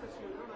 sesión, ¿no?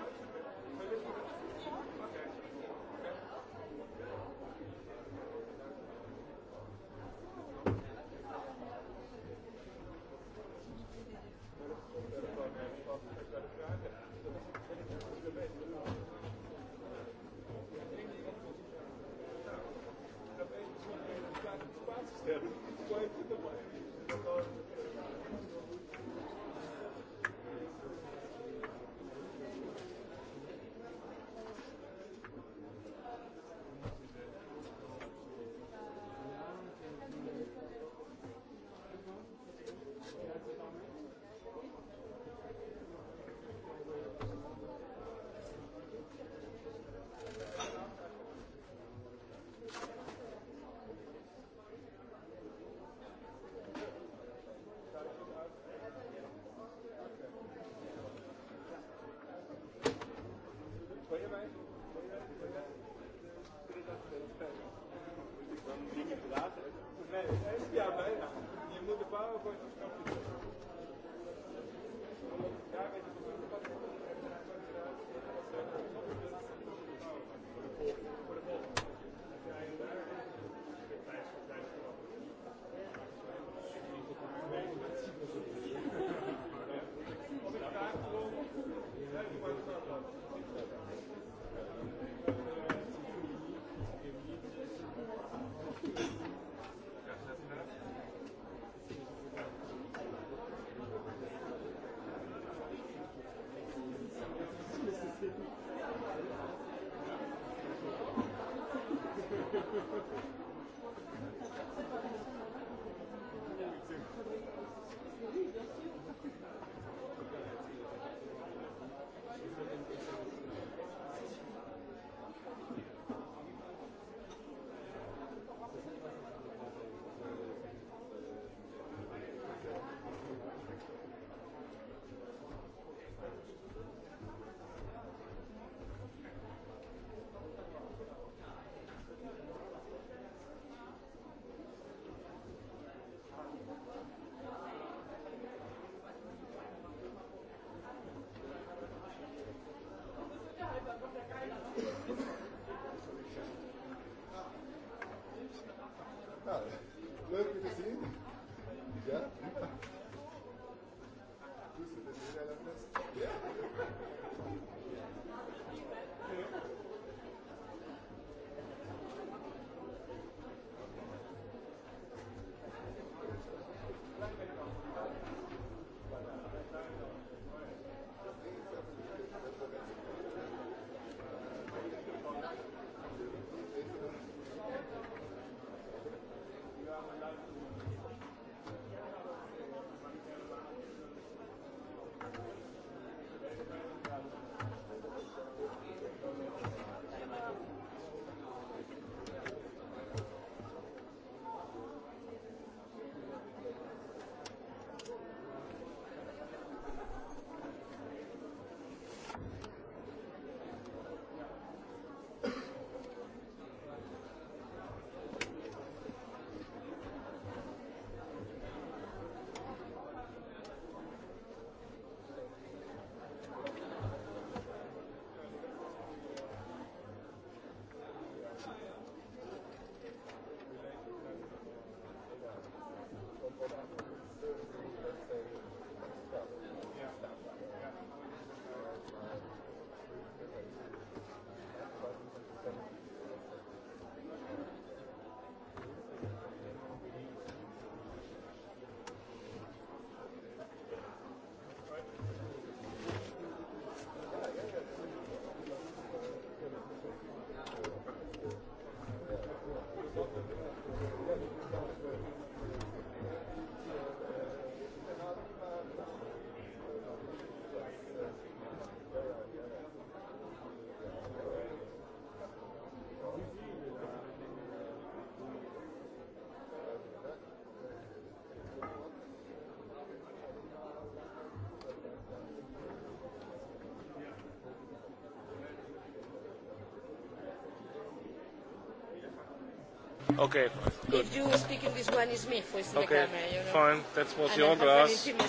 Okay, good. If you speak in this one, it's me who is in okay, the camera. You know? fine. That was and your I glass. Have an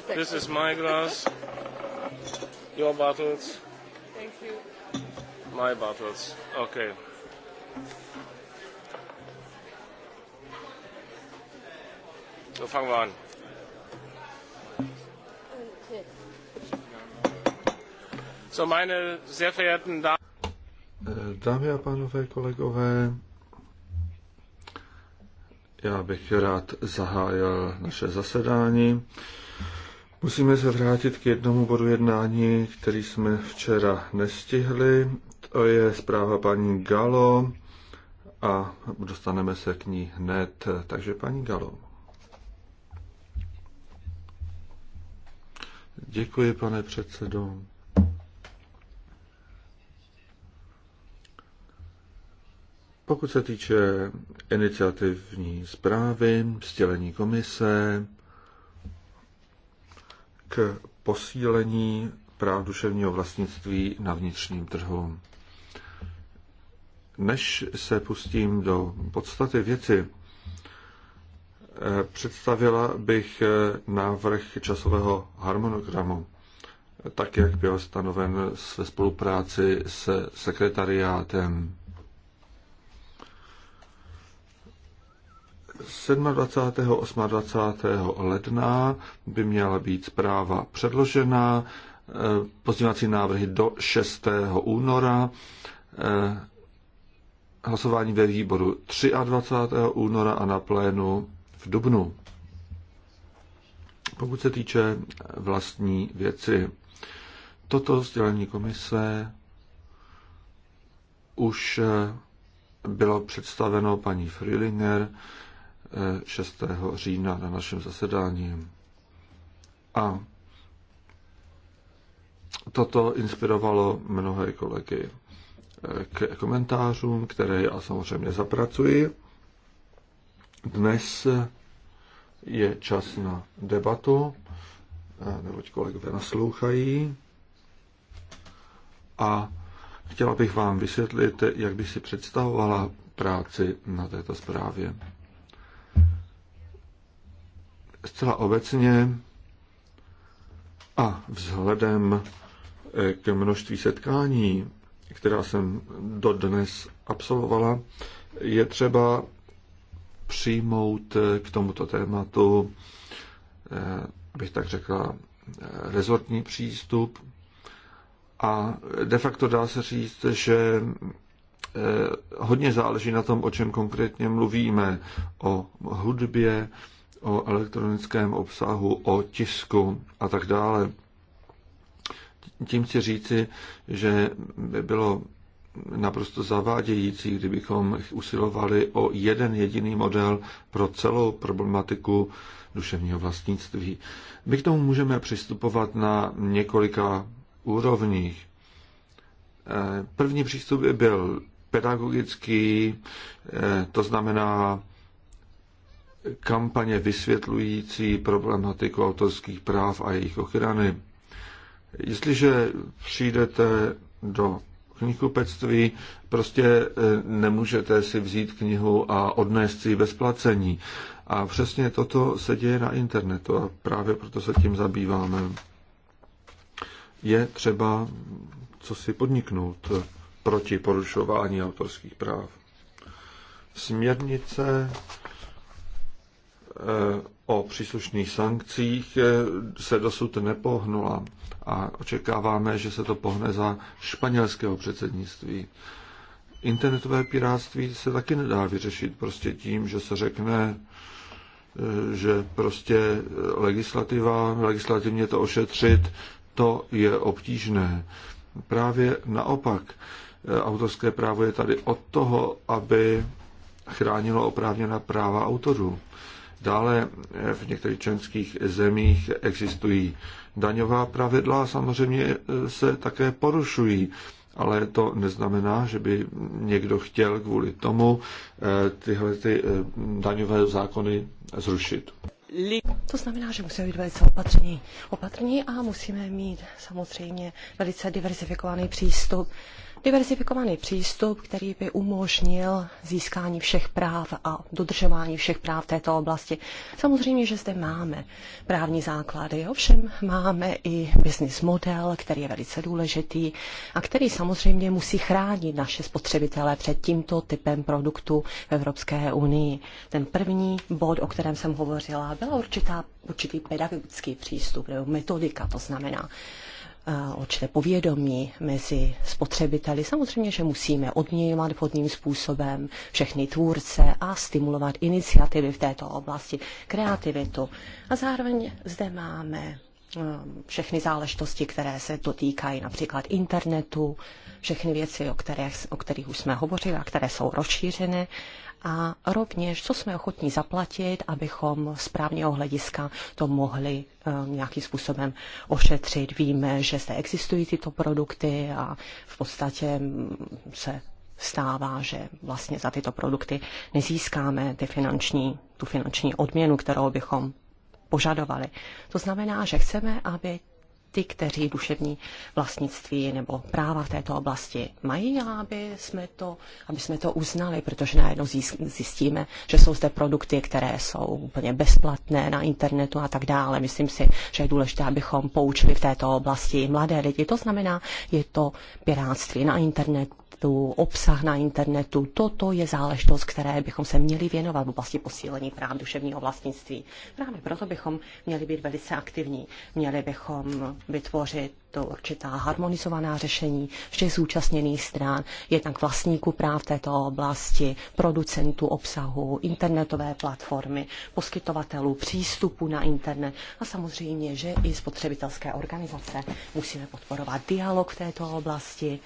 to this you. is my glass. your bottles. Thank you. My bottles. Okay. So fang wir an. So, meine sehr verehrten Damen. Dámy a pánové, kolegové, já bych rád zahájil naše zasedání. Musíme se vrátit k jednomu bodu jednání, který jsme včera nestihli. To je zpráva paní Galo a dostaneme se k ní hned. Takže paní Galo. Děkuji, pane předsedo. Pokud se týče iniciativní zprávy, sdělení komise k posílení práv duševního vlastnictví na vnitřním trhu. Než se pustím do podstaty věci, eh, představila bych eh, návrh časového harmonogramu, tak jak byl stanoven ve spolupráci se sekretariátem 27. 28. ledna by měla být zpráva předložena, eh, pozdívací návrhy do 6. února, eh, hlasování ve výboru 23. února a na plénu v Dubnu. Pokud se týče vlastní věci, toto sdělení komise už eh, bylo představeno paní Frilinger, 6. října na našem zasedání. A toto inspirovalo mnohé kolegy k komentářům, které já samozřejmě zapracuji. Dnes je čas na debatu, neboť kolegové naslouchají. A chtěla bych vám vysvětlit, jak bych si představovala práci na této zprávě zcela obecně a vzhledem eh, k množství setkání, která jsem dodnes absolvovala, je třeba přijmout eh, k tomuto tématu, eh, bych tak řekla, rezortní přístup. A de facto dá se říct, že hodně záleží na tom, o čem konkrétně mluvíme, o hudbě, o elektronickém obsahu, o tisku a tak dále. Tím chci říci, že by bylo naprosto zavádějící, kdybychom usilovali o jeden jediný model pro celou problematiku duševního vlastnictví. My k tomu můžeme přistupovat na několika úrovních. Eh, první přístup by byl pedagogický, eh, to znamená kampaně vysvětlující problematiku autorských práv a jejich ochrany. Jestliže přijdete do knihkupectví, prostě e, nemůžete si vzít knihu a odnést si ji bez placení. A přesně toto se děje na internetu a právě proto se tím zabýváme. Je třeba co si podniknout proti porušování autorských práv. Směrnice o příslušných sankcích eh, se dosud nepohnula a očekáváme, že se to pohne za španělského předsednictví. Internetové piráctví se taky nedá vyřešit prostě tím, že se řekne, eh, že prostě legislativa, legislativně to ošetřit, to je obtížné. Právě naopak, eh, autorské právo je tady od toho, aby chránilo oprávněná práva autorů. Dále eh, v některých členských zemích existují daňová pravidla a samozřejmě eh, se také porušují. Ale to neznamená, že by někdo chtěl kvůli tomu eh, tyhle ty daňové zákony zrušit. To znamená, že musíme být velice opatrní. Opatrní a musíme mít samozřejmě velice diversifikovaný přístup diversifikovaný přístup, který by umožnil získání všech práv a dodržování všech práv této oblasti. Samozřejmě, že zde máme právní základy, ovšem máme i business model, který je velice důležitý a který samozřejmě musí chránit naše spotřebitele před tímto typem produktu v Evropské unii. Ten první bod, o kterém jsem hovořila, byla určitá, určitý pedagogický přístup nebo metodika, to znamená, určité povědomí mezi spotřebiteli. Samozřejmě, že musíme odměňovat vhodným způsobem všechny tvůrce a stimulovat iniciativy v této oblasti, kreativitu. A zároveň zde máme um, všechny záležitosti, které se dotýkají například internetu, všechny věci, o kterých, o kterých už jsme hovořili a které jsou rozšířeny a rovněž, co jsme ochotní zaplatit, abychom z právního hlediska to mohli eh, nějakým způsobem ošetřit. Víme, že zde existují tyto produkty a v podstatě mm, se stává, že vlastně za tyto produkty nezískáme ty finanční, tu finanční odměnu, kterou bychom požadovali. To znamená, že chceme, aby ty, kteří duševní vlastnictví nebo práva v této oblasti mají aby jsme to, aby jsme to uznali, protože najednou zjistíme, že jsou zde produkty, které jsou úplně bezplatné na internetu a tak dále. Myslím si, že je důležité, abychom poučili v této oblasti mladé lidi. To znamená, je to pirátství na internetu, internetu, obsah na internetu. Toto je záležitost, které bychom se měli věnovat v oblasti posílení práv duševního vlastnictví. Právě proto bychom měli být velice aktivní. Měli bychom vytvořit to určitá harmonizovaná řešení všech zúčastněných stran, jednak vlastníků práv této oblasti, producentů obsahu, internetové platformy, poskytovatelů přístupu na internet a samozřejmě, že i spotřebitelské organizace. Musíme podporovat dialog v této oblasti,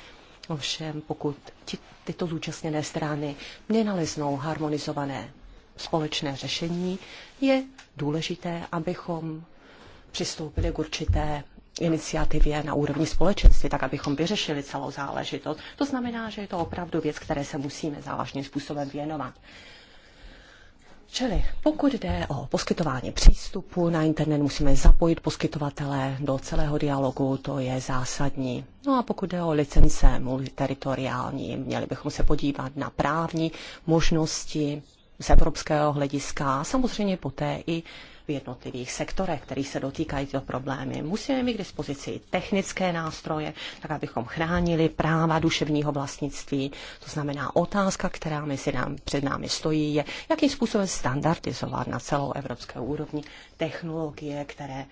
Ovšem, pokud ti, tyto zúčastněné strany nenaleznou harmonizované společné řešení, je důležité, abychom přistoupili k určité iniciativě na úrovni společenství, tak abychom vyřešili celou záležitost. To znamená, že je to opravdu věc, které se musíme závažným způsobem věnovat. Čili pokud jde o poskytování přístupu na internet, musíme zapojit poskytovatele do celého dialogu, to je zásadní. No a pokud jde o licence multiteritoriální, měli bychom se podívat na právní možnosti z evropského hlediska a samozřejmě poté i v jednotlivých sektorech, kterých se dotýkají tyto problémy. Musíme mít k dispozici technické nástroje, tak abychom chránili práva duševního vlastnictví. To znamená otázka, která mezi nám, před námi stojí, je, jakým způsobem standardizovat na celou evropské úrovni technologie, které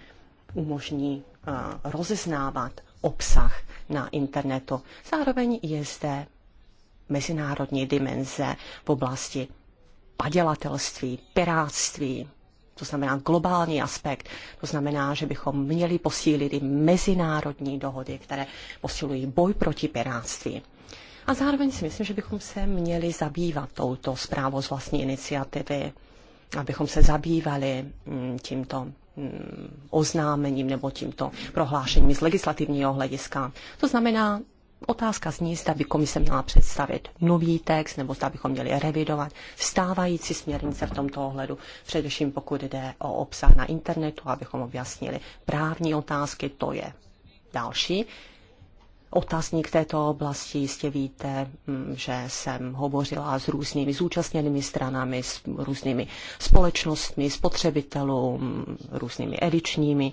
umožní uh, rozeznávat obsah na internetu. Zároveň je zde mezinárodní dimenze v oblasti padělatelství, pirátství, to znamená globální aspekt, to znamená, že bychom měli posílit i mezinárodní dohody, které posilují boj proti piráctví. A zároveň si myslím, že bychom se měli zabývat touto zprávou z vlastní iniciativy, abychom se zabývali mm, tímto mm, oznámením nebo tímto prohlášením z legislativního hlediska. To znamená Otázka zní, zda by komise měla představit nový text, nebo zda bychom měli revidovat stávající směrnice v tomto ohledu, především pokud jde o obsah na internetu, abychom objasnili právní otázky, to je další otázník této oblasti. Jistě víte, mm, že jsem hovořila s různými zúčastněnými stranami, s různými společnostmi, spotřebitelům, různými edičními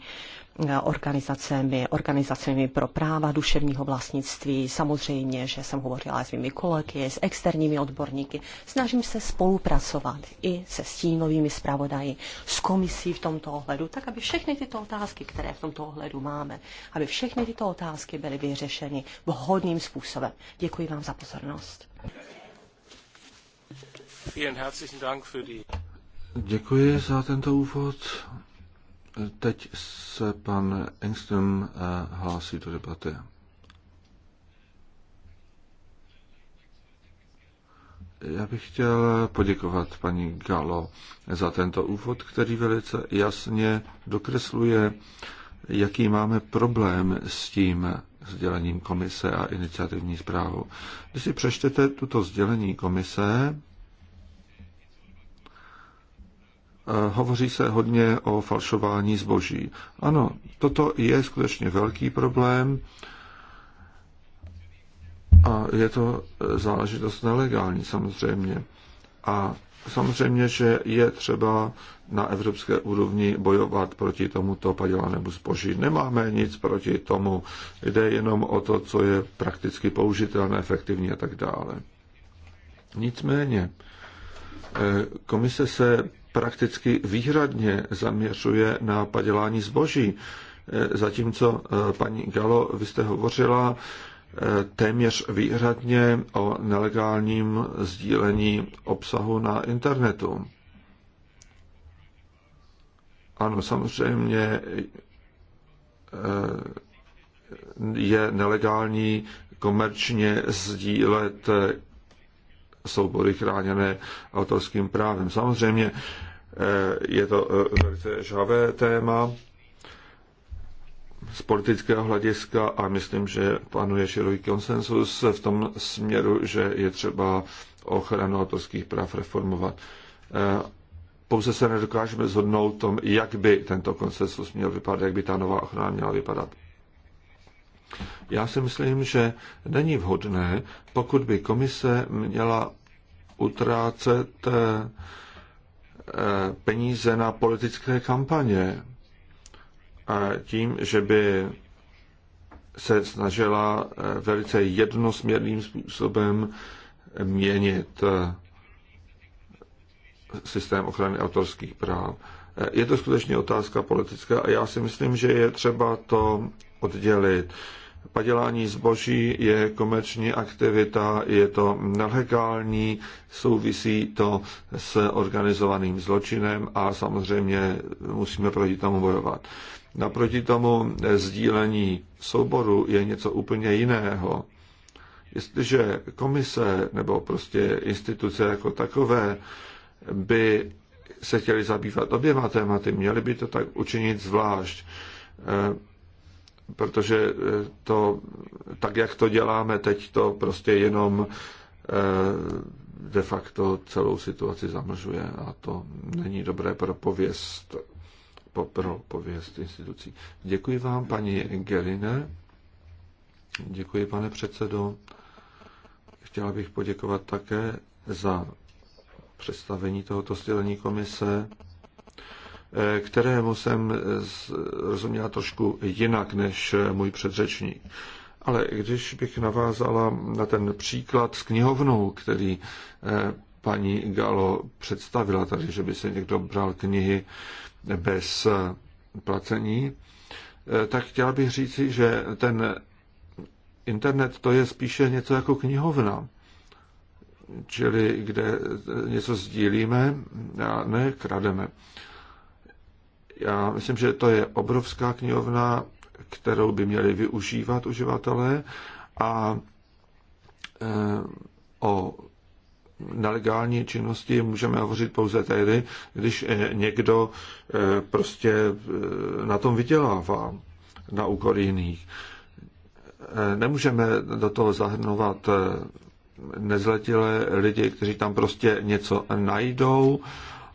organizacemi, organizacemi pro práva duševního vlastnictví. Samozřejmě, že jsem hovořila s mými kolegy, s externími odborníky. Snažím se spolupracovat i se stínovými zpravodaji, s komisí v tomto ohledu, tak aby všechny tyto otázky, které v tomto ohledu máme, aby všechny tyto otázky byly vyřešeny vhodným způsobem. Děkuji vám za pozornost. Děkuji za tento úvod. Teď se pan Engström eh, hlásí do debaty. Já bych chtěl poděkovat paní Galo za tento úvod, který velice jasně dokresluje, jaký máme problém s tím sdělením komise a iniciativní zprávu. Když si přečtete tuto sdělení komise, hovoří se hodně o falšování zboží. Ano, toto je skutečně velký problém a je to záležitost nelegální samozřejmě. A samozřejmě, že je třeba na evropské úrovni bojovat proti tomuto padělanému zboží. Nemáme nic proti tomu, jde jenom o to, co je prakticky použitelné, efektivní a tak dále. Nicméně, eh, komise se prakticky výhradně zaměřuje na padělání zboží. Zatímco eh, paní Galo, vy jste hovořila eh, téměř výhradně o nelegálním sdílení obsahu na internetu. Ano, samozřejmě eh, je nelegální komerčně sdílet soubory chráněné autorským právem. Samozřejmě eh, je to eh, velice žhavé téma z politického hlediska a myslím, že panuje široký konsensus v tom směru, že je třeba ochranu autorských práv reformovat. Eh, pouze se nedokážeme zhodnout tom, jak by tento konsensus měl vypadat, jak by ta nová ochrana měla vypadat. Já si myslím, že není vhodné, pokud by komise měla utrácet eh, peníze na politické kampaně a tím, že by se snažila eh, velice jednosměrným způsobem měnit eh, systém ochrany autorských práv. Je to skutečně otázka politická a já si myslím, že je třeba to oddělit. Padělání zboží je komerční aktivita, je to nelegální, souvisí to s organizovaným zločinem a samozřejmě musíme proti tomu bojovat. Naproti tomu sdílení souboru je něco úplně jiného. Jestliže komise nebo prostě instituce jako takové by se chtěli zabývat oběma tématy, měli by to tak učinit zvlášť protože eh, to, tak jak to děláme teď, to prostě jenom eh, de facto celou situaci zamlžuje a to není dobré pro pověst, pro pověst institucí. Děkuji vám, paní Gerine. Děkuji, pane předsedo. Chtěla bych poděkovat také za představení tohoto sdělení komise. Eh, kterému jsem eh, rozuměla trošku jinak než eh, můj předřečník. Ale když bych navázala na ten příklad s knihovnou, který paní Galo představila tady, že by se někdo bral knihy bez placení, tak chtěla bych říci, že ten internet to je spíše něco jako knihovna, čili kde něco sdílíme a ne krademe. Já myslím, že to je obrovská knihovna, kterou by měli využívat uživatelé a eh, o nelegální činnosti můžeme hovořit pouze tehdy, když někdo eh, prostě eh, na tom vydělává na úkor jiných. Nemůžeme do toho zahrnovat nezletilé lidi, kteří tam prostě něco najdou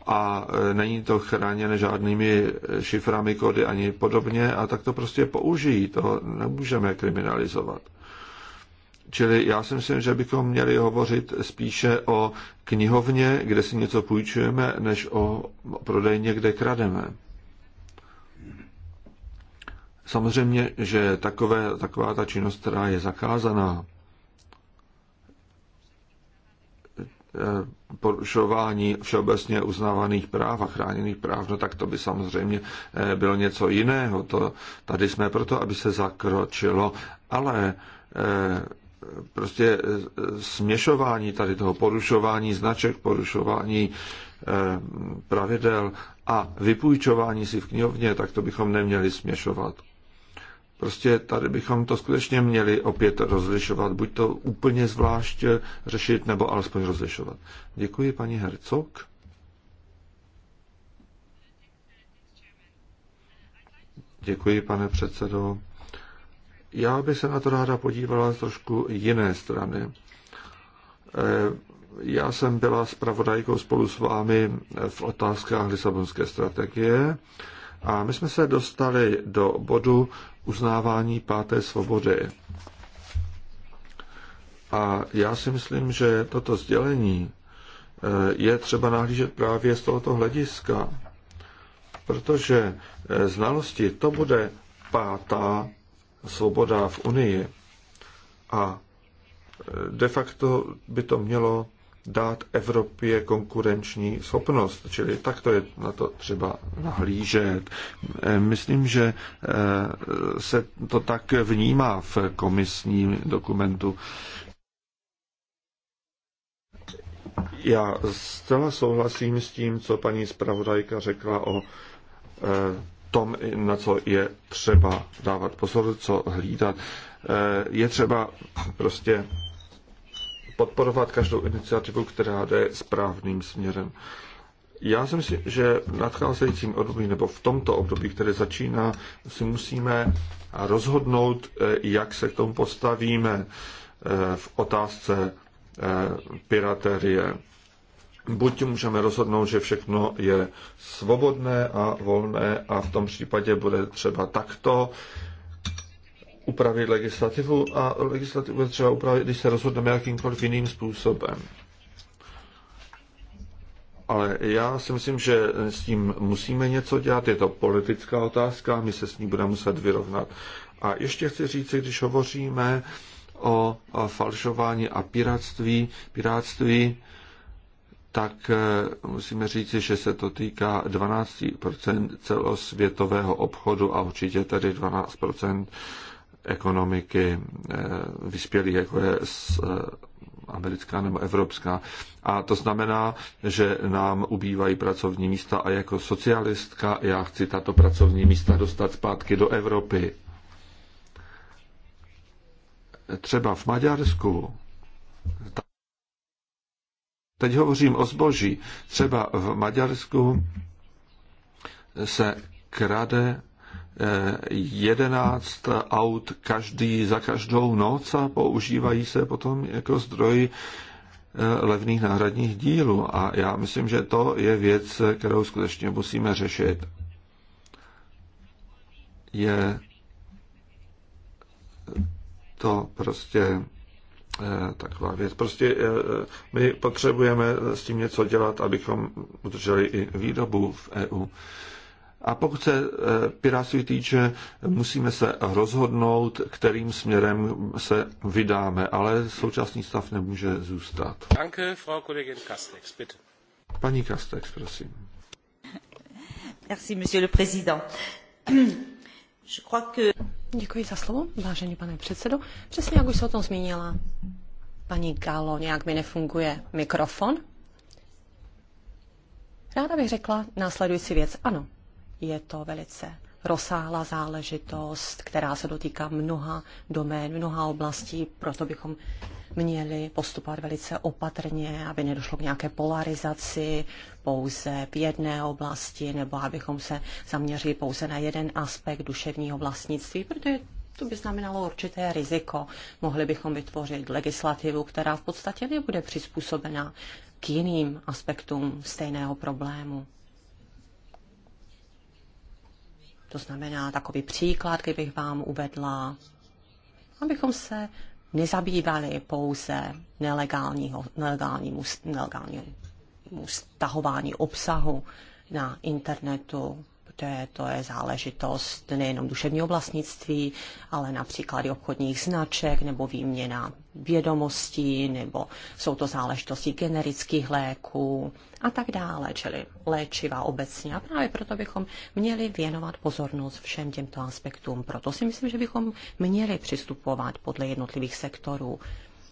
a e, není to chráněné žádnými e, šiframi, kody ani podobně a tak to prostě použijí, to nemůžeme kriminalizovat. Čili já si myslím, že bychom měli hovořit spíše o knihovně, kde si něco půjčujeme, než o prodejně, kde krademe. Samozřejmě, že takové, taková ta činnost, která je zakázaná, e, porušování všeobecně uznávaných práv a chráněných práv, no tak to by samozřejmě eh, bylo něco jiného. To, tady jsme proto, aby se zakročilo, ale eh, prostě eh, směšování tady toho porušování značek, porušování pravidel a vypůjčování si v knihovně, tak to bychom neměli směšovat. Prostě tady bychom to skutečně měli opět rozlišovat, buď to úplně zvlášť řešit, nebo alespoň rozlišovat. Děkuji, paní Hercog. Děkuji, pane předsedo. Já bych se na to ráda podívala z trošku jiné strany. Eh, já jsem byla zpravodajkou spolu s vámi v otázkách Lisabonské strategie a my jsme se dostali do bodu, uznávání páté svobody. A já si myslím, že toto sdělení eh, je třeba nahlížet právě z tohoto hlediska, protože eh, znalosti to bude pátá svoboda v Unii a eh, de facto by to mělo dát Evropě konkurenční schopnost. Čili tak to je na to třeba nahlížet. E, myslím, že e, se to tak vnímá v komisním dokumentu. Já zcela souhlasím s tím, co paní zpravodajka řekla o e, tom, na co je třeba dávat pozor, co hlídat. Je třeba prostě podporovat každou iniciativu, která jde správným směrem. Já si myslím, že v nadcházejícím období nebo v tomto období, které začíná, si musíme rozhodnout, eh, jak se k tomu postavíme eh, v otázce eh, piraterie. Buď můžeme rozhodnout, že všechno je svobodné a volné a v tom případě bude třeba takto upravit legislativu a legislativu je třeba upravit, když se rozhodneme jakýmkoliv jiným způsobem. Ale já si myslím, že s tím musíme něco dělat. Je to politická otázka, my se s ní budeme muset vyrovnat. A ještě chci říct, když hovoříme o falšování a piráctví, piráctví tak eh, musíme říci, že se to týká 12 celosvětového obchodu a určitě tedy 12 ekonomiky eh, vyspělých, jako je eh, americká nebo evropská. A to znamená, že nám ubývají pracovní místa a jako socialistka já chci tato pracovní místa dostat zpátky do Evropy. Třeba v Maďarsku. Teď hovořím o zboží. Třeba v Maďarsku se krade jedenáct aut každý za každou noc a používají se potom jako zdroj eh, levných náhradních dílů. A já myslím, že to je věc, kterou skutečně musíme řešit. Je to prostě eh, taková věc. Prostě eh, my potřebujeme s tím něco dělat, abychom udrželi i výrobu v EU. A pokud se eh, Pirátství týče, musíme se rozhodnout, kterým směrem se vydáme, ale současný stav nemůže zůstat. Danke, Frau Kollegin Kastex, bitte. Paní Kastex, prosím. Merci, monsieur le président. Je crois que... Děkuji za slovo, vážený pane předsedo. Přesně jak už se o tom zmínila paní Galo, nějak mi nefunguje mikrofon. Ráda bych řekla následující věc. Ano, je to velice rozsáhlá záležitost, která se dotýká mnoha domén, mnoha oblastí, proto bychom měli postupovat velice opatrně, aby nedošlo k nějaké polarizaci pouze v jedné oblasti, nebo abychom se zaměřili pouze na jeden aspekt duševního vlastnictví, protože to by znamenalo určité riziko. Mohli bychom vytvořit legislativu, která v podstatě nebude přizpůsobena k jiným aspektům stejného problému. To znamená takový příklad, kdybych vám uvedla, abychom se nezabývali pouze nelegálního, nelegálnímu, nelegálnímu stahování obsahu na internetu, je to je záležitost nejenom duševního vlastnictví, ale například i obchodních značek nebo výměna vědomostí, nebo jsou to záležitosti generických léků a tak dále, čili léčiva obecně. A právě proto bychom měli věnovat pozornost všem těmto aspektům. Proto si myslím, že bychom měli přistupovat podle jednotlivých sektorů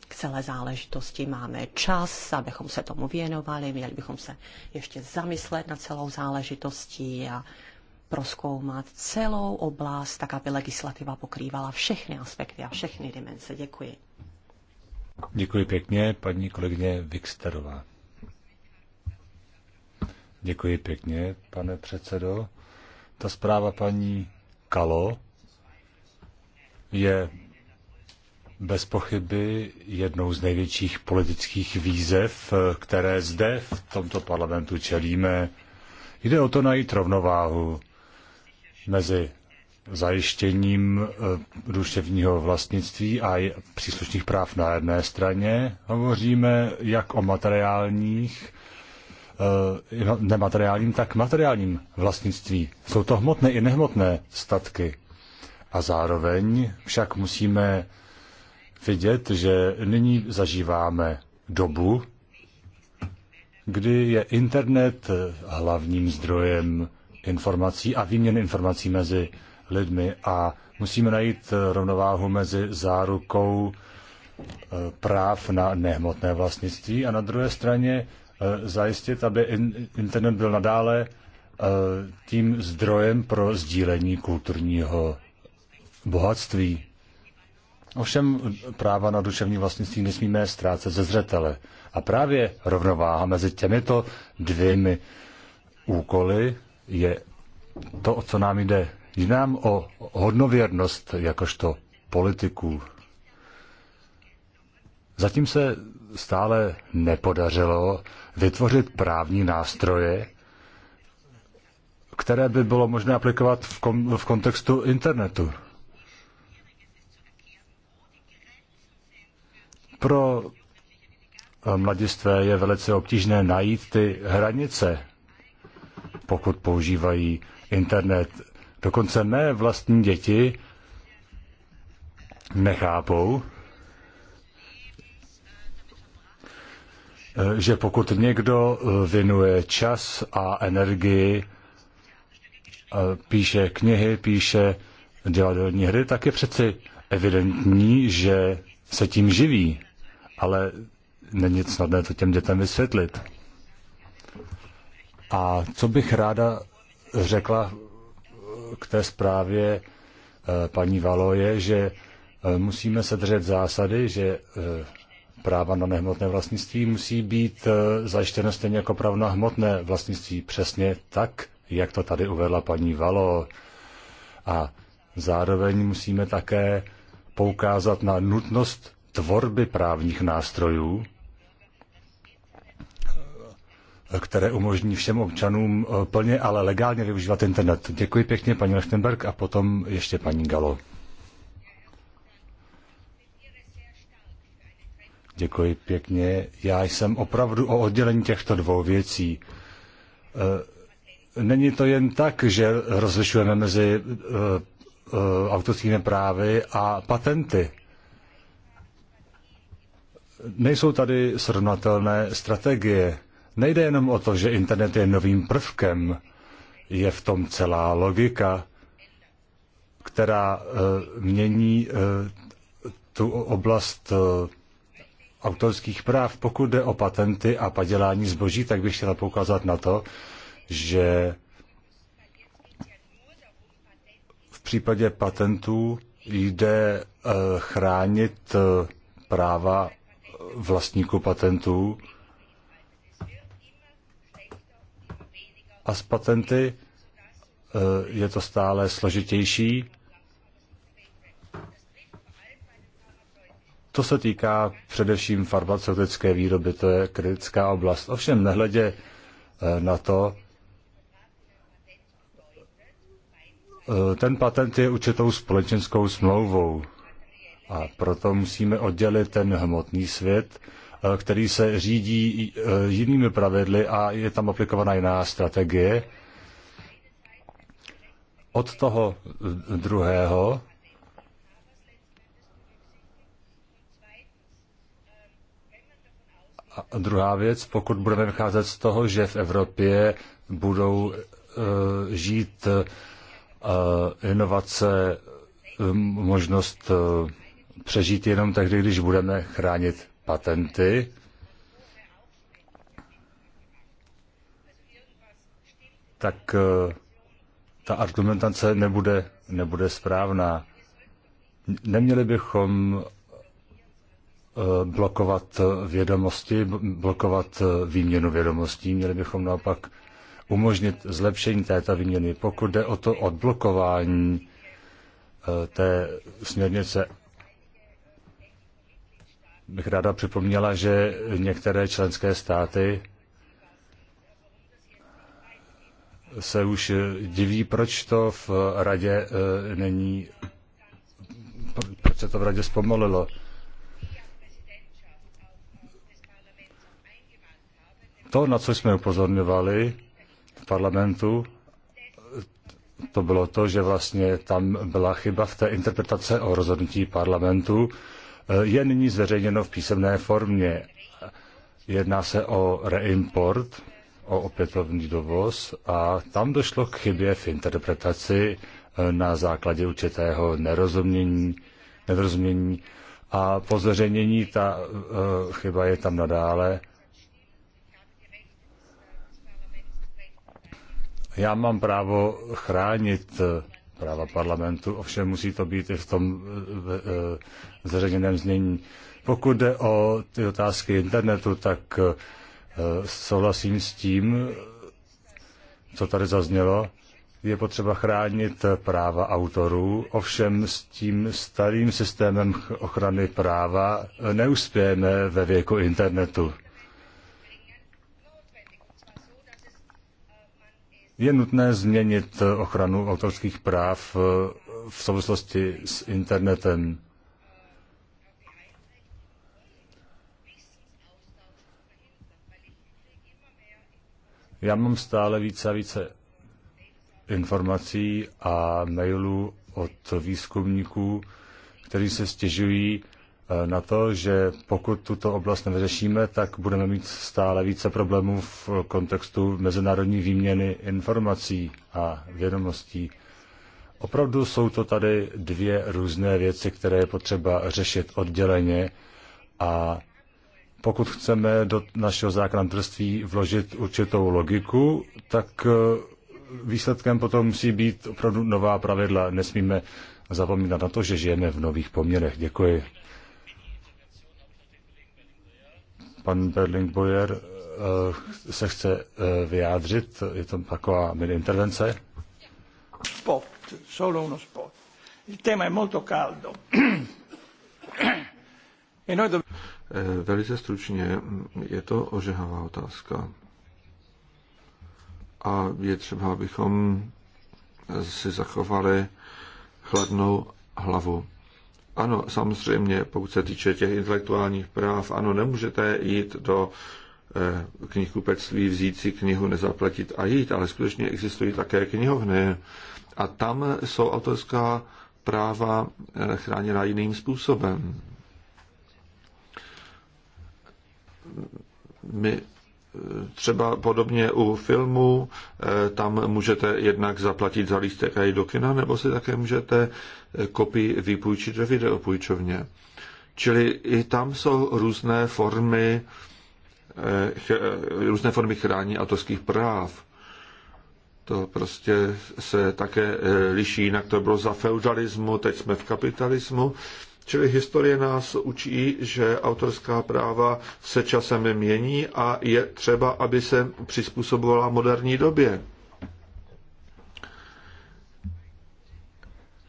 k celé záležitosti máme čas, abychom se tomu věnovali, měli bychom se ještě zamyslet na celou záležitostí a proskoumat celou oblast, tak aby legislativa pokrývala všechny aspekty a všechny dimenze. Děkuji. Děkuji pěkně, paní kolegyně Viksterová. Děkuji pěkně, pane předsedo. Ta zpráva paní Kalo je bez pochyby jednou z největších politických výzev, které zde v tomto parlamentu čelíme. Jde o to najít rovnováhu mezi zajištěním eh, duševního vlastnictví a příslušných práv na jedné straně. Hovoříme jak o materiálních, eh, no, nemateriálním, tak materiálním vlastnictví. Jsou to hmotné i nehmotné statky. A zároveň však musíme vidět, že nyní zažíváme dobu, kdy je internet hlavním zdrojem informací a výměny informací mezi lidmi a musíme najít eh, rovnováhu mezi zárukou eh, práv na nehmotné vlastnictví a na druhé straně eh, zajistit, aby internet byl nadále tím zdrojem pro sdílení kulturního bohatství. Ovšem práva na duševní vlastnictví nesmíme ztrácet ze zřetele. A právě rovnováha mezi těmito dvěmi úkoly je to, o co nám jde. Jde nám o hodnověrnost jakožto politiků. Zatím se stále nepodařilo vytvořit právní nástroje, které by bylo možné aplikovat v, kom, v kontextu internetu. Pro mladistvé je velice obtížné najít ty hranice pokud používají internet. Dokonce mé vlastní děti nechápou, že pokud někdo eh, věnuje čas a energii, eh, píše knihy, píše divadelní hry, tak je přeci evidentní, že se tím živí. Ale není snadné to těm dětem vysvětlit. A co bych ráda řekla eh, k té zprávě eh, paní Valo je, že eh, musíme se držet zásady, že práva na nehmotné vlastnictví musí být zajištěno stejně jako právo na hmotné vlastnictví. Přesně tak, jak to tady uvedla paní Valo. A zároveň musíme také poukázat na nutnost tvorby právních nástrojů, které umožní všem občanům eh, plně, ale legálně využívat internet. Děkuji pěkně, paní Lechtenberg, a potom ještě paní Galo. Děkuji pěkně. Já jsem opravdu o oddělení těchto dvou věcí. Eh, není to jen tak, že rozlišujeme mezi eh, autorskými právy a patenty. Nejsou tady srovnatelné strategie. Nejde jenom o to, že internet je novým prvkem, je v tom celá logika, která eh, mění eh, tu oblast eh, autorských práv. Pokud jde o patenty a padělání zboží, tak bych chtěla poukázat na to, že v případě patentů jde chránit práva vlastníků patentů a s patenty eh, je to stále složitější. To se týká především farmaceutické výroby, to je kritická oblast. Ovšem nehledě eh, na to, eh, ten patent je určitou společenskou smlouvou a proto musíme oddělit ten hmotný svět Eh, který se řídí eh, jinými pravidly a je tam aplikovaná jiná strategie. Od toho druhého A druhá věc, pokud budeme vycházet z toho, že v Evropě budou uh, žít uh, inovace, um, možnost uh, přežít jenom tehdy, když budeme chránit patenty. tak eh, ta argumentace nebude, nebude správná. Neměli bychom eh, blokovat vědomosti, blokovat eh, výměnu vědomostí, měli bychom naopak umožnit zlepšení této výměny. Pokud jde o to odblokování té směrnice bych ráda připomněla, že některé členské státy se už diví, proč to v radě eh, není, proč se to v radě zpomalilo. To, na co jsme upozorňovali v parlamentu, to bylo to, že vlastně tam byla chyba v té interpretace o rozhodnutí parlamentu, Eh, je nyní zveřejněno v písemné formě. Jedná se o reimport, o opětovný dovoz a tam došlo k chybě v interpretaci eh, na základě určitého nerozumění, nerozumění a po zveřejnění ta eh, chyba je tam nadále. Já mám právo chránit práva parlamentu, ovšem musí to být i v tom e, e, zařazeném znění. Pokud jde o ty otázky internetu, tak e, souhlasím s tím, co tady zaznělo. Je potřeba chránit práva autorů, ovšem s tím starým systémem ochrany práva neuspějeme ve věku internetu. Je nutné změnit eh, ochranu autorských práv eh, v souvislosti s internetem. Já mám stále více a více informací a mailů od výzkumníků, kteří se stěžují, Eh, na to, že pokud tuto oblast nevyřešíme, tak budeme mít stále více problémů v kontextu mezinárodní výměny informací a vědomostí. Opravdu jsou to tady dvě různé věci, které je potřeba řešit odděleně a pokud chceme do našeho zákonodárství vložit určitou logiku, tak eh, výsledkem potom musí být opravdu nová pravidla. Nesmíme zapomínat na to, že žijeme v nových poměrech. Děkuji. pan Berling Boyer eh, se chce eh, vyjádřit. Je to taková mini intervence. Spot, solo uno spot. Il tema è molto caldo. E eh, velice stručně, je to ožehavá otázka. A je třeba, abychom si zachovali chladnou hlavu. Ano, samozřejmě, pokud se týče těch intelektuálních práv, ano, nemůžete jít do eh, knihkupectví, vzít si knihu, nezaplatit a jít, ale skutečně existují také knihovny a tam jsou autorská práva eh, chráněna jiným způsobem. My třeba podobně u filmu, eh, tam můžete jednak zaplatit za lístek a jít do kina, nebo si také můžete eh, kopii vypůjčit ve videopůjčovně. Čili i tam jsou různé formy, eh, různé formy chrání autorských práv. To prostě se také liší, jinak to bylo za feudalismu, teď jsme v kapitalismu. Čili historie nás učí, že autorská práva se časem mění a je třeba, aby se přizpůsobovala moderní době.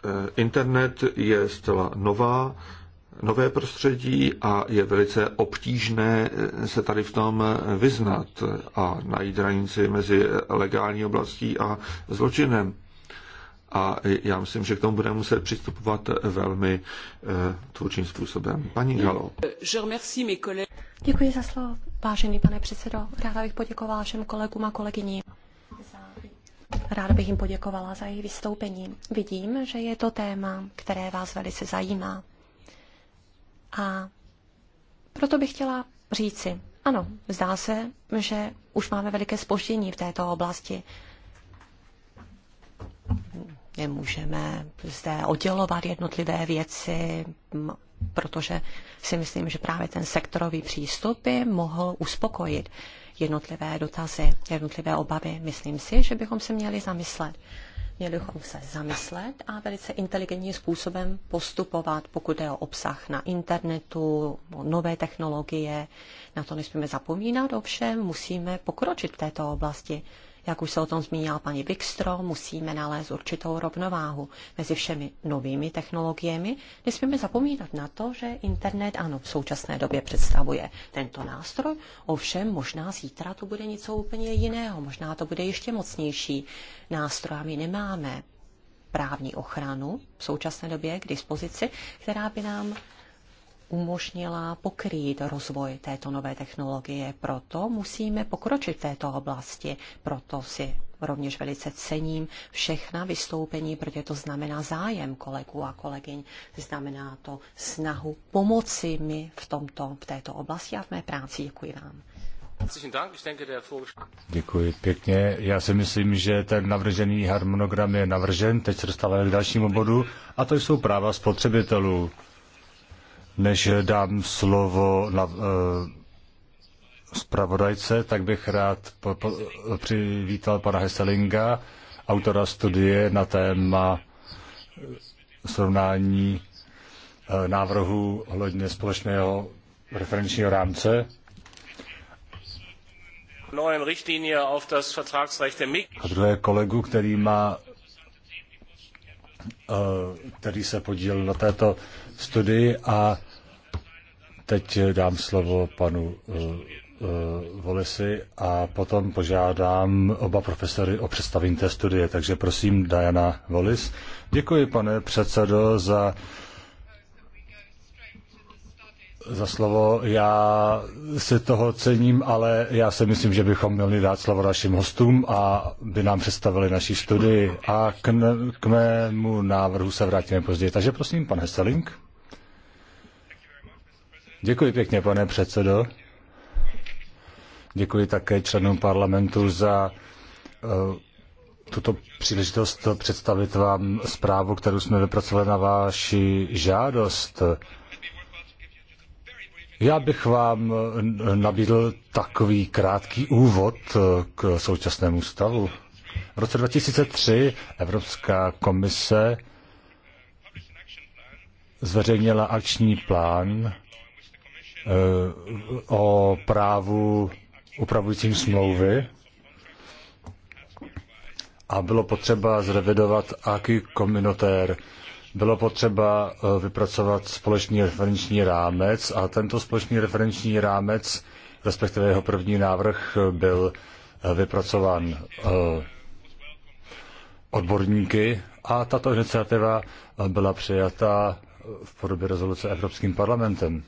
Eh, internet je zcela nová, nové prostředí a je velice obtížné eh, se tady v tom eh, vyznat a najít hranici mezi legální oblastí a zločinem a já myslím, že k tomu budeme muset přistupovat velmi eh, tvůrčím způsobem. Paní Galo. Děkuji za slovo, vážený pane předsedo. Ráda bych poděkovala všem kolegům a kolegyním. Ráda bych jim poděkovala za jejich vystoupení. Vidím, že je to téma, které vás velice zajímá. A proto bych chtěla říci, ano, zdá se, že už máme veliké spoždění v této oblasti Nemůžeme zde oddělovat jednotlivé věci, protože si myslím, že právě ten sektorový přístup by mohl uspokojit jednotlivé dotazy, jednotlivé obavy. Myslím si, že bychom se měli zamyslet. Měli bychom se zamyslet a velice inteligentním způsobem postupovat, pokud je o obsah na internetu, o nové technologie. Na to nesmíme zapomínat, ovšem musíme pokročit v této oblasti. Jak už se o tom zmínila paní Bikstro, musíme nalézt určitou rovnováhu mezi všemi novými technologiemi. Nesmíme zapomínat na to, že internet ano v současné době představuje tento nástroj, ovšem možná zítra to bude něco úplně jiného, možná to bude ještě mocnější nástroj a my nemáme právní ochranu v současné době k dispozici, která by nám umožnila pokrýt rozvoj této nové technologie. Proto musíme pokročit v této oblasti. Proto si rovněž velice cením všechna vystoupení, protože to znamená zájem kolegů a kolegyň. Znamená to snahu pomoci mi v, tomto, v této oblasti a v mé práci. Děkuji vám. Děkuji pěkně. Já si myslím, že ten navržený harmonogram je navržen. Teď se dostáváme k dalšímu bodu a to jsou práva spotřebitelů. Než dám slovo na, eh, zpravodajce, tak bych rád po, po, přivítal pana Heselinga, autora studie na téma eh, srovnání eh, návrhu hledně společného referenčního rámce. A druhé kolegu, který má který se podílil na této studii a teď dám slovo panu eh, eh, Volesi a potom požádám oba profesory o představení té studie. Takže prosím, Diana Volis. Děkuji, pane předsedo, za za slovo. Já si toho cením, ale já si myslím, že bychom měli dát slovo našim hostům a by nám představili naší studii. A k, k mému návrhu se vrátíme později. Takže prosím, pan Heselink. Děkuji pěkně, pane předsedo. Děkuji také členům parlamentu za eh, tuto příležitost představit vám zprávu, kterou jsme vypracovali na váši žádost. Já bych vám nabídl takový krátký úvod k současnému stavu. V roce 2003 Evropská komise zveřejnila akční plán Eh, o právu upravujícím smlouvy a bylo potřeba zrevidovat aký komunitér. Bylo potřeba eh, vypracovat společný referenční rámec a tento společný referenční rámec, respektive jeho první návrh, eh, byl vypracován odborníky a tato iniciativa byla přijata v podobě rezoluce Evropským parlamentem.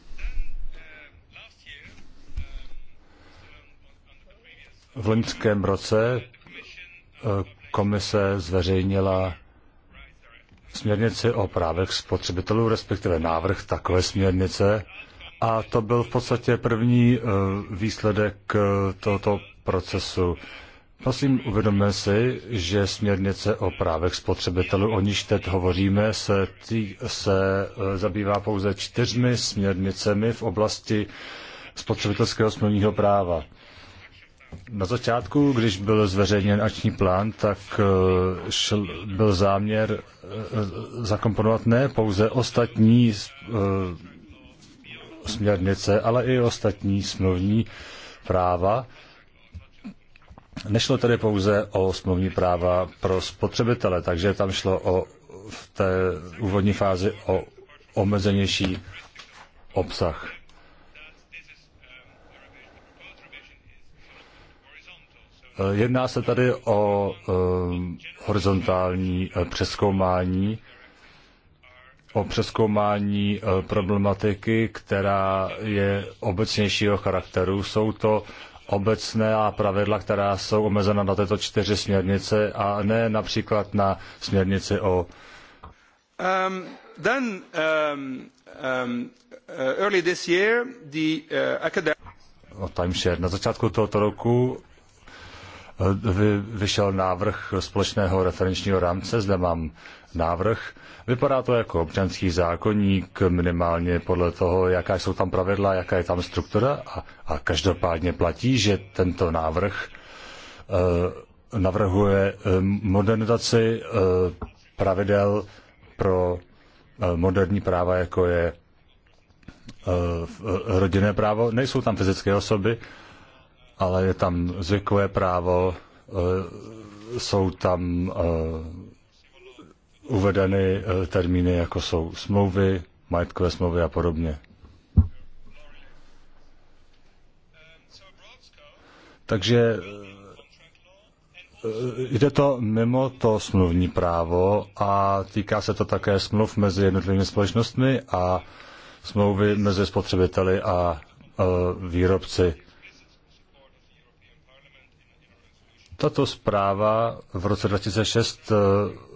V loňském roce eh, komise zveřejnila směrnici o právech spotřebitelů, respektive návrh takové směrnice. A to byl v podstatě první eh, výsledek eh, tohoto procesu. Prosím, uvědomme si, že směrnice o právech spotřebitelů, o níž teď hovoříme, se, tý, se zabývá pouze čtyřmi směrnicemi v oblasti spotřebitelského smluvního práva. Na začátku, když byl zveřejněn akční plán, tak eh, šl, byl záměr eh, zakomponovat ne pouze ostatní eh, směrnice, ale i ostatní smluvní práva. Nešlo tedy pouze o smluvní práva pro spotřebitele, takže tam šlo o, v té úvodní fázi o omezenější obsah. Eh, jedná se tady o eh, horizontální eh, přeskoumání, o přeskoumání problematiky, která je obecnějšího charakteru. Jsou to obecné a pravidla, která jsou omezena na této čtyři směrnice a ne například na směrnici o um, then, um, um, uh, early this year, the, uh, academic... o timeshare. Na začátku tohoto roku Eh, vy, vyšel návrh společného referenčního rámce, zde mám návrh. Vypadá to jako občanský zákonník, minimálně podle toho, jaká jsou tam pravidla, jaká je tam struktura a, a každopádně platí, že tento návrh e, navrhuje eh, modernizaci e, pravidel pro moderní práva, jako je rodinné právo. Nejsou tam fyzické osoby, ale je tam zvykové právo, eh, jsou tam eh, uvedeny eh, termíny, jako jsou smlouvy, majetkové smlouvy a podobně. Takže jde to mimo to smluvní právo a týká se to také smluv mezi jednotlivými společnostmi a smlouvy mezi spotřebiteli a výrobci. Tato zpráva v roce 2006 eh,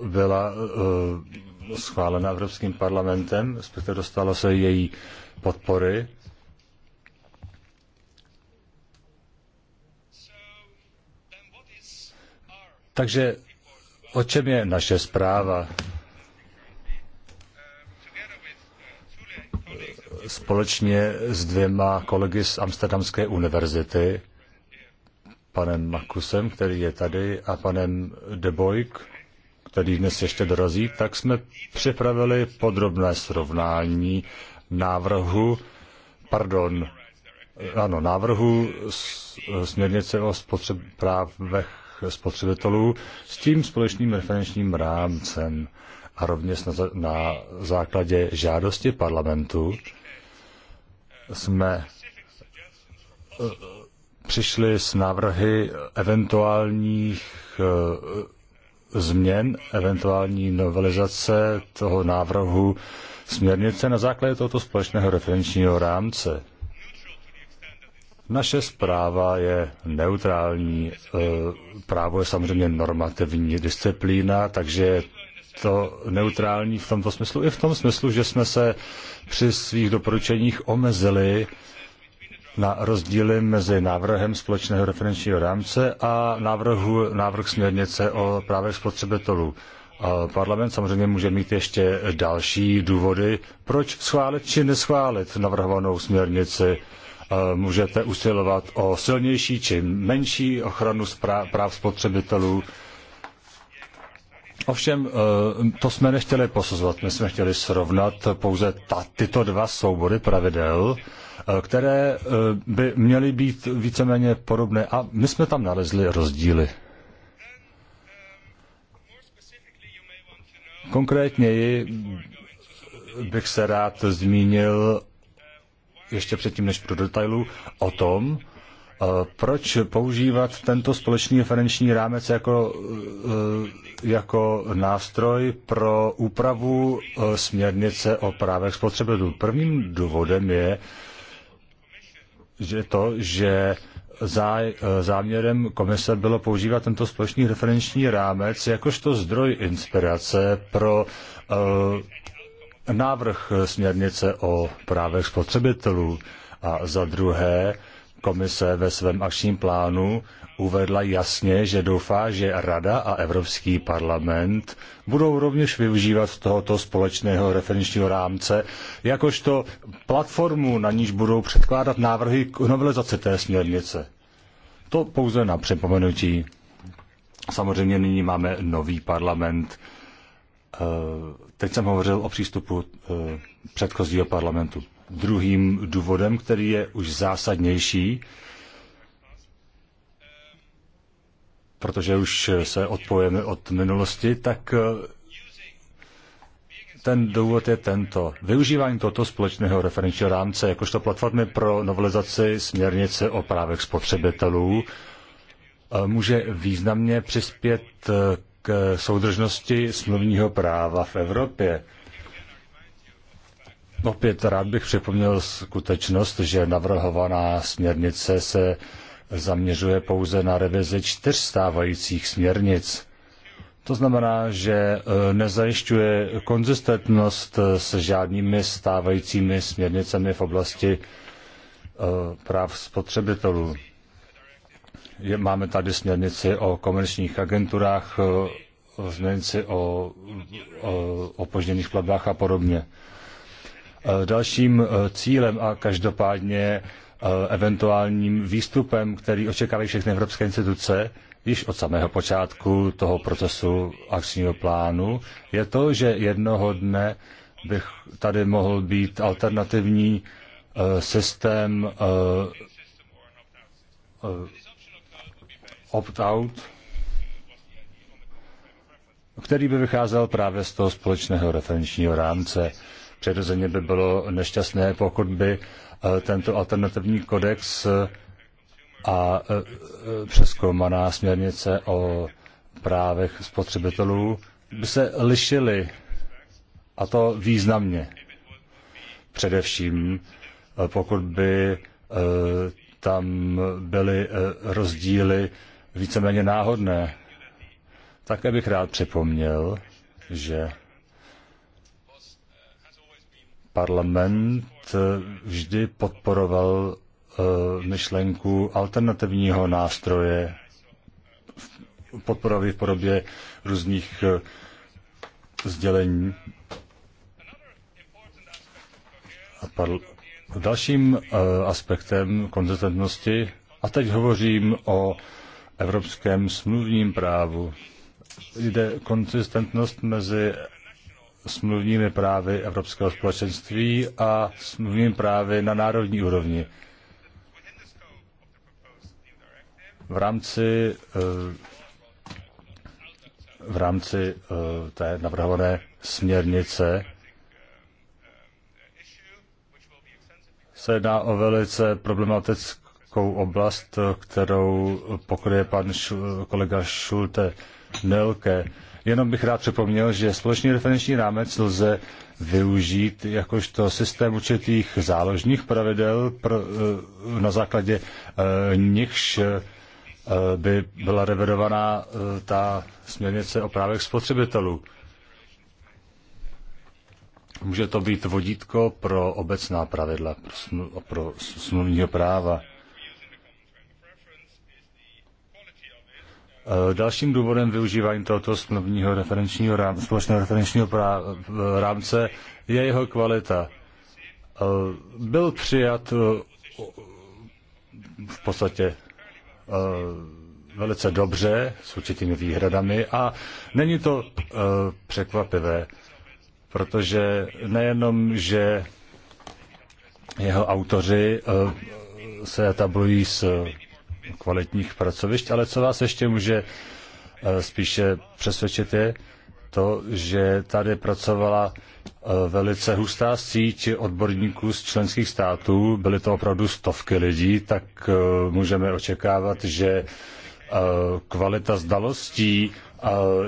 byla eh, schválena Evropským parlamentem, respektive dostala se její podpory. Takže o čem je naše zpráva? Společně s dvěma kolegy z Amsterdamské univerzity panem Makusem, který je tady, a panem Debojk, který dnes ještě dorazí, tak jsme připravili podrobné srovnání návrhu, pardon, ano, návrhu směrnice o spotřeb, právech spotřebitelů s tím společným referenčním rámcem a rovněž na, na základě žádosti parlamentu jsme přišli s návrhy eventuálních eh, změn, eventuální novelizace toho návrhu směrnice na základě tohoto společného referenčního rámce. Naše zpráva je neutrální. Eh, právo je samozřejmě normativní disciplína, takže to neutrální v tomto smyslu i v tom smyslu, že jsme se při svých doporučeních omezili na rozdíly mezi návrhem společného referenčního rámce a návrhu, návrh směrnice o právech spotřebitelů. Parlament samozřejmě může mít ještě další důvody, proč schválit či neschválit navrhovanou směrnici. Můžete usilovat o silnější či menší ochranu práv spotřebitelů. Ovšem, e, to jsme nechtěli posuzovat, my jsme chtěli srovnat pouze ta, tyto dva soubory pravidel Eh, které eh, by měly být víceméně podobné. A my jsme tam nalezli rozdíly. Konkrétněji bych se rád zmínil, ještě předtím než pro detailu, o tom, eh, proč používat tento společný referenční rámec jako, jako nástroj pro úpravu směrnice o právech spotřebitelů? Prvním důvodem je, že to, že zá, eh, záměrem komise bylo používat tento společný referenční rámec jakožto zdroj inspirace pro uh, návrh směrnice o právech spotřebitelů. A za druhé, komise ve svém akčním plánu uvedla jasně, že doufá, že Rada a Evropský parlament budou rovněž využívat tohoto společného referenčního rámce jakožto platformu, na níž budou předkládat návrhy k novelizaci té směrnice. To pouze na připomenutí. Samozřejmě nyní máme nový parlament. Eh, teď jsem hovořil o přístupu eh, předchozího parlamentu. Druhým důvodem, který je už zásadnější, protože už se odpojeme od minulosti, tak eh, ten důvod je tento. Využívání tohoto společného referenčního rámce jakožto platformy pro novelizaci směrnice o právech spotřebitelů eh, může významně přispět eh, k soudržnosti smluvního práva v Evropě. Opět rád bych připomněl skutečnost, že navrhovaná směrnice se zaměřuje pouze na revizi čtyř stávajících směrnic. To znamená, že e, nezajišťuje konzistentnost e, s žádnými stávajícími směrnicemi v oblasti e, práv spotřebitelů. Máme tady směrnici o komerčních agenturách, směrnici o opožděných platbách a podobně. Dalším cílem a každopádně Eh, eventuálním výstupem, který očekávají všechny evropské instituce, již od samého počátku toho procesu akčního plánu, je to, že jednoho dne bych tady mohl být alternativní eh, systém eh, opt-out, který by vycházel právě z toho společného referenčního rámce. Přirozeně by bylo nešťastné, pokud by Eh, tento alternativní kodex eh, a eh, přeskoumaná směrnice o právech spotřebitelů by se lišily, a to významně. Především, pokud by tam byly rozdíly víceméně náhodné. Také bych rád připomněl, že parlament eh, vždy podporoval eh, myšlenku alternativního nástroje podporovy v podobě různých eh, sdělení. A parl- dalším aspektem konzistentnosti, a teď hovořím o evropském smluvním právu, jde konzistentnost mezi smluvními právy Evropského společenství a smluvními právy na národní úrovni. V rámci, eh, v rámci eh, té navrhované směrnice se jedná o velice problematickou oblast, kterou pokryje pan kolega Schulte Nelke. Jenom bych rád připomněl, že společný referenční rámec lze využít jakožto systém určitých záložních pravidel pro, eh, na základě eh, nichž eh, by byla revidovaná ta směrnice o právech spotřebitelů. Může to být vodítko pro obecná pravidla pro, pro smluvního práva. Eh, dalším důvodem využívání tohoto smluvního referenčního rámce, společného referenčního eh, rámce je jeho kvalita. Eh, byl přijat v podstatě velice dobře, s určitými výhradami a není to překvapivé, protože nejenom, že jeho autoři se etablují s kvalitních pracovišť, ale co vás ještě může eh, spíše přesvědčit je to, že tady pracovala eh, velice hustá síť odborníků z členských států, byly to opravdu stovky lidí, tak eh, můžeme očekávat, že kvalita zdalostí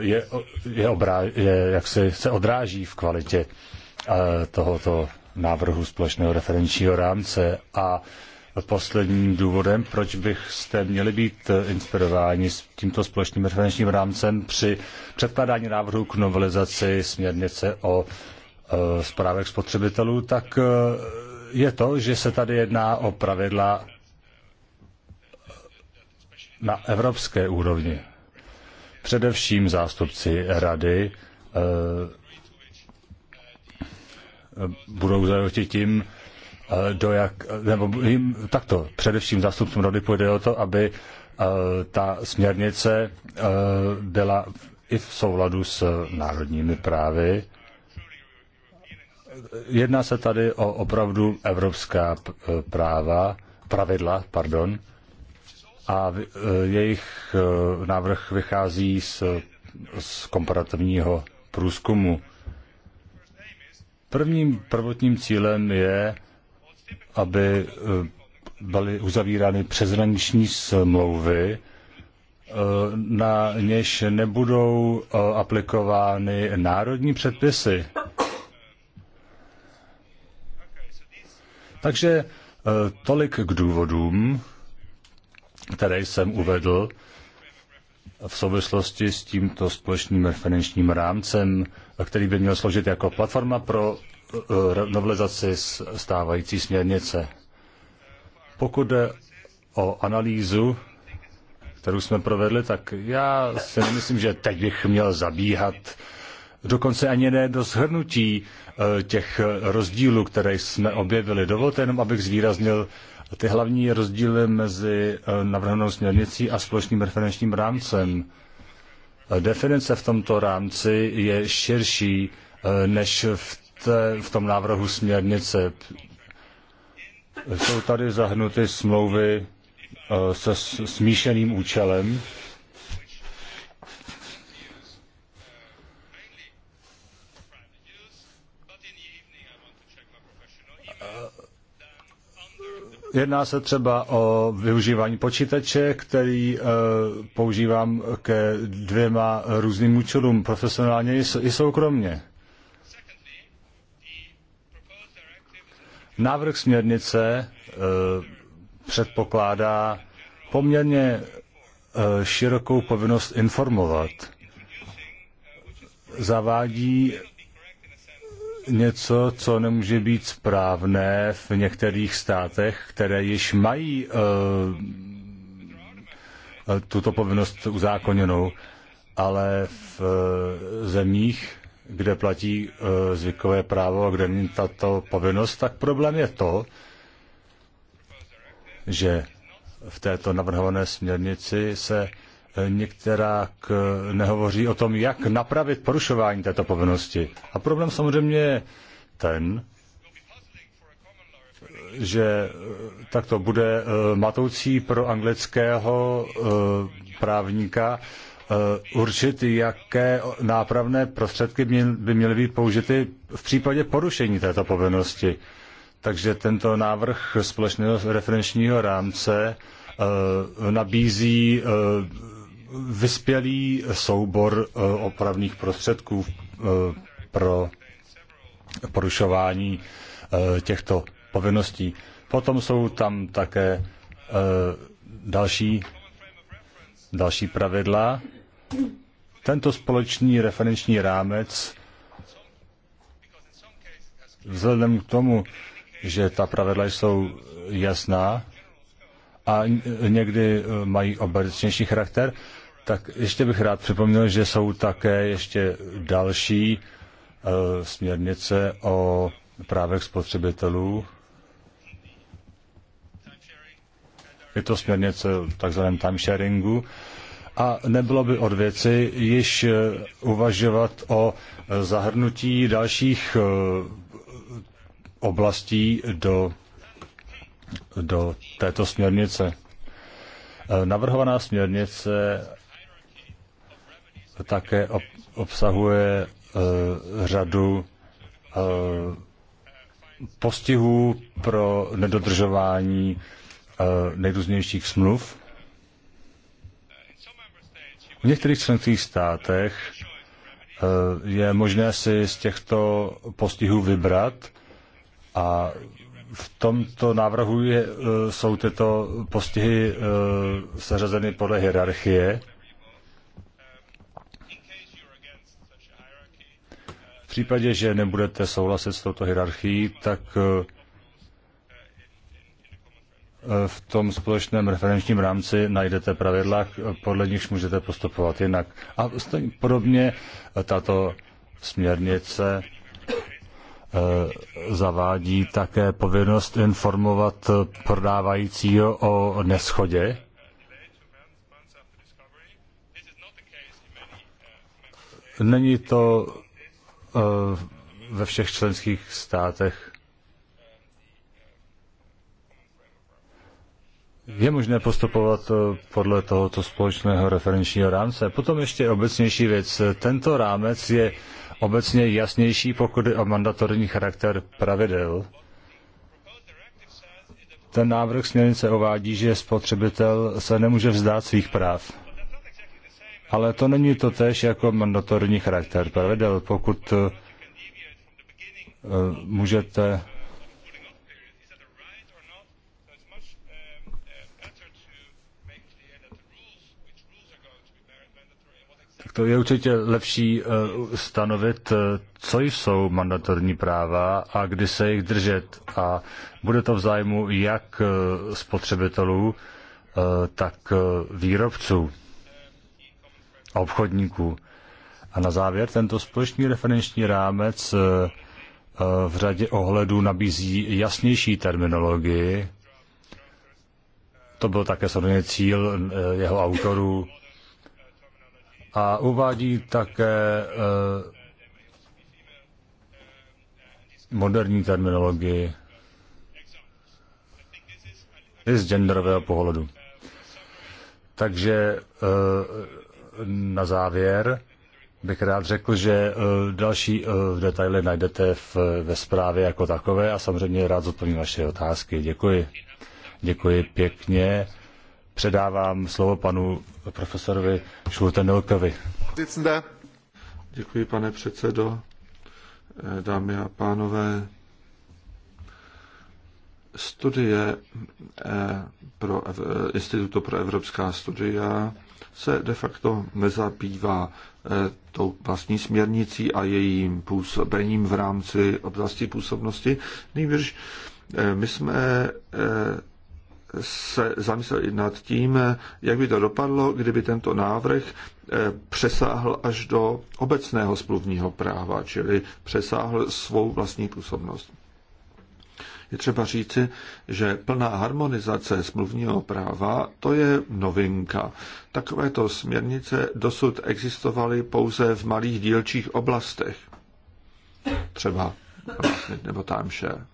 je, je, obrá, je jak se, se odráží v kvalitě tohoto návrhu společného referenčního rámce a posledním důvodem, proč byste měli být eh, inspirováni s tímto společným referenčním rámcem při předkládání návrhu k novelizaci směrnice o eh, zprávech spotřebitelů, tak eh, je to, že se tady jedná o pravidla na evropské úrovni. Především zástupci rady budou zajoti tím, Eh, do jak, nebo jim takto, především zástupcům rody půjde o to, aby eh, ta směrnice eh, byla i v souladu s národními právy. Jedná se tady o opravdu evropská práva, pravidla, pardon, a jejich návrh vychází z, z komparativního průzkumu. Prvním prvotním cílem je aby eh, byly uzavírány přezraniční smlouvy, eh, na něž nebudou eh, aplikovány národní předpisy. Takže tolik k důvodům, které jsem uvedl v souvislosti s tímto společným referenčním rámcem, který by měl složit jako platforma pro Eh, novelizaci stávající směrnice. Pokud jde o analýzu, kterou jsme provedli, tak já si nemyslím, že teď bych měl zabíhat dokonce ani ne do shrnutí eh, těch rozdílů, které jsme objevili. Dovolte jenom, abych zvýraznil ty hlavní rozdíly mezi eh, navrhovanou směrnicí a společným referenčním rámcem. Definice v tomto rámci je širší než v v tom návrhu směrnice. Jsou tady zahnuty smlouvy eh, se smíšeným účelem. Eh, jedná se třeba o využívání počítače, který e, používám ke dvěma různým účelům, profesionálně i soukromně. Návrh směrnice e, předpokládá poměrně e, širokou povinnost informovat. Zavádí něco, co nemůže být správné v některých státech, které již mají e, tuto povinnost uzákoněnou, ale v zemích, kde platí e, zvykové právo a kde není tato povinnost, tak problém je to, že v této navrhované směrnici se e, některá k, e, nehovoří o tom, jak napravit porušování této povinnosti. A problém samozřejmě je ten, že tak to bude matoucí pro anglického právníka, Eh, určit, jaké nápravné prostředky by měly být použity v případě porušení této povinnosti. Takže tento návrh společného referenčního rámce eh, nabízí eh, vyspělý soubor opravných prostředků pro porušování těchto povinností. Potom jsou tam také další, další pravidla, tento společný referenční rámec vzhledem k tomu, že ta pravidla jsou jasná a někdy eh, mají obecnější charakter, tak ještě bych rád připomněl, že jsou také ještě další e, směrnice o právech spotřebitelů. Je to směrnice o takzvaném timesharingu. sharingu a nebylo by od věci již eh, uvažovat o eh, zahrnutí dalších eh, oblastí do, do této směrnice. Navrhovaná směrnice také obsahuje řadu postihů pro nedodržování nejrůznějších smluv. V některých členských státech eh, je možné si z těchto postihů vybrat a v tomto návrhu je, eh, jsou tyto postihy seřazeny eh, podle hierarchie. V případě, že nebudete souhlasit s touto hierarchií, tak v tom společném referenčním rámci najdete pravidla, podle nichž můžete postupovat jinak. A podobně eh, tato směrnice eh, zavádí také povinnost informovat eh, prodávajícího o neschodě. Není to ve všech členských státech je možné postupovat eh, podle tohoto společného referenčního rámce. Potom ještě obecnější věc. Tento rámec je obecně jasnější, pokud je o mandatorní charakter pravidel. Ten návrh směrnice uvádí, že spotřebitel se nemůže vzdát svých práv. Ale to není to tež jako mandatorní charakter pravidel. Pokud eh, můžete To je určitě lepší eh, stanovit, eh, co jsou mandatorní práva a kdy se jich držet. A bude to v zájmu jak eh, spotřebitelů, tak výrobců a obchodníků. A na závěr tento společný referenční rámec v řadě ohledů nabízí jasnější terminologii. To byl také samozřejmě cíl jeho autorů a uvádí také eh, moderní terminologii i z genderového pohledu. Takže eh, na závěr bych rád řekl, že eh, další detaily najdete v, ve zprávě jako takové a samozřejmě rád zodpovím vaše otázky. Děkuji. Děkuji pěkně předávám slovo panu profesorovi Šultenilkovi. Děkuji, pane předsedo. Dámy a pánové, studie eh, pro Institutu pro evropská studia se de facto nezabývá eh, tou vlastní směrnicí a jejím působením v rámci oblasti působnosti. Nejbrž eh, my jsme se zamyslel i nad tím, jak by to dopadlo, kdyby tento návrh eh, přesáhl až do obecného spluvního práva, čili přesáhl svou vlastní působnost. Je třeba říci, že plná harmonizace smluvního práva to je novinka. Takovéto směrnice dosud existovaly pouze v malých dílčích oblastech, třeba nebo timeshare.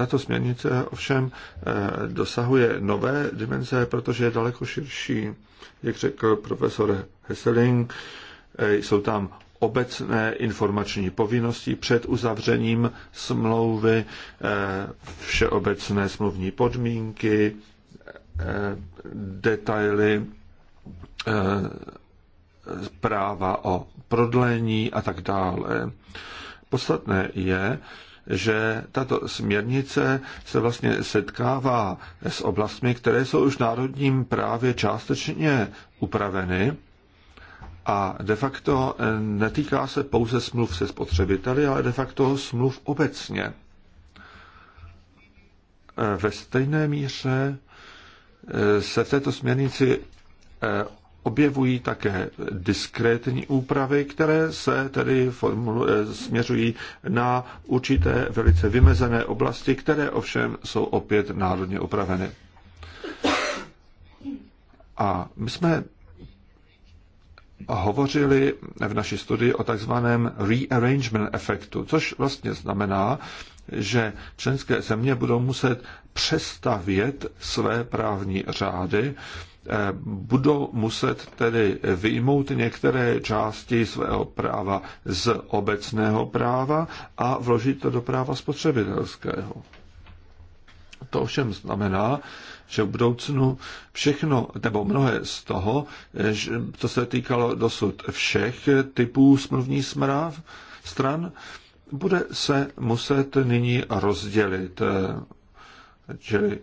Tato směrnice ovšem eh, dosahuje nové dimenze, protože je daleko širší. Jak řekl profesor Hesseling, eh, jsou tam obecné informační povinnosti před uzavřením smlouvy, eh, všeobecné smluvní podmínky, detaily práva o prodlení a tak dále. Podstatné je, že tato směrnice se vlastně setkává s oblastmi, které jsou už národním právě částečně upraveny a de facto netýká se pouze smluv se spotřebiteli, ale de facto smluv obecně. Ve stejné míře se v této směrnici objevují také diskrétní úpravy, které se tedy formulu- eh, směřují na určité velice vymezené oblasti, které ovšem jsou opět národně upraveny. A my jsme hovořili v naší studii o takzvaném rearrangement efektu, což vlastně znamená, že členské země budou muset přestavět své právní řády, Eh, budou muset tedy vyjmout některé části svého práva z obecného práva a vložit to do práva spotřebitelského. To ovšem znamená, že v budoucnu všechno, nebo mnohé z toho, eh, co se týkalo dosud všech typů smluvních smrav, stran, bude se muset nyní rozdělit. Eh, čili